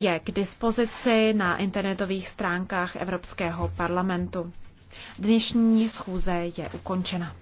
je k dispozici na internetových stránkách Evropského parlamentu. Dnešní schůze je ukončena.